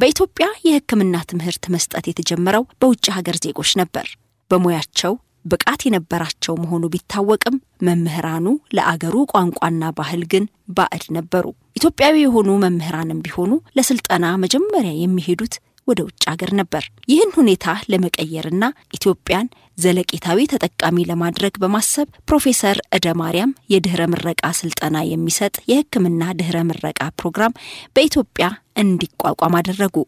በኢትዮጵያ የሕክምና ትምህርት መስጠት የተጀመረው በውጭ ሀገር ዜጎች ነበር። በሙያቸው ብቃት የነበራቸው መሆኑ ቢታወቅም መምህራኑ ለአገሩ ቋንቋና ባህል ግን ባዕድ ነበሩ። ኢትዮጵያዊ የሆኑ መምህራንም ቢሆኑ ለስልጠና መጀመሪያ የሚሄዱት ወደ ውጭ አገር ነበር። ይህን ሁኔታ ለመቀየርና ኢትዮጵያን ዘለቄታዊ ተጠቃሚ ለማድረግ በማሰብ ፕሮፌሰር እደ ማርያም የድህረ ምረቃ ስልጠና የሚሰጥ የሕክምና ድህረ ምረቃ ፕሮግራም በኢትዮጵያ እንዲቋቋም አደረጉ።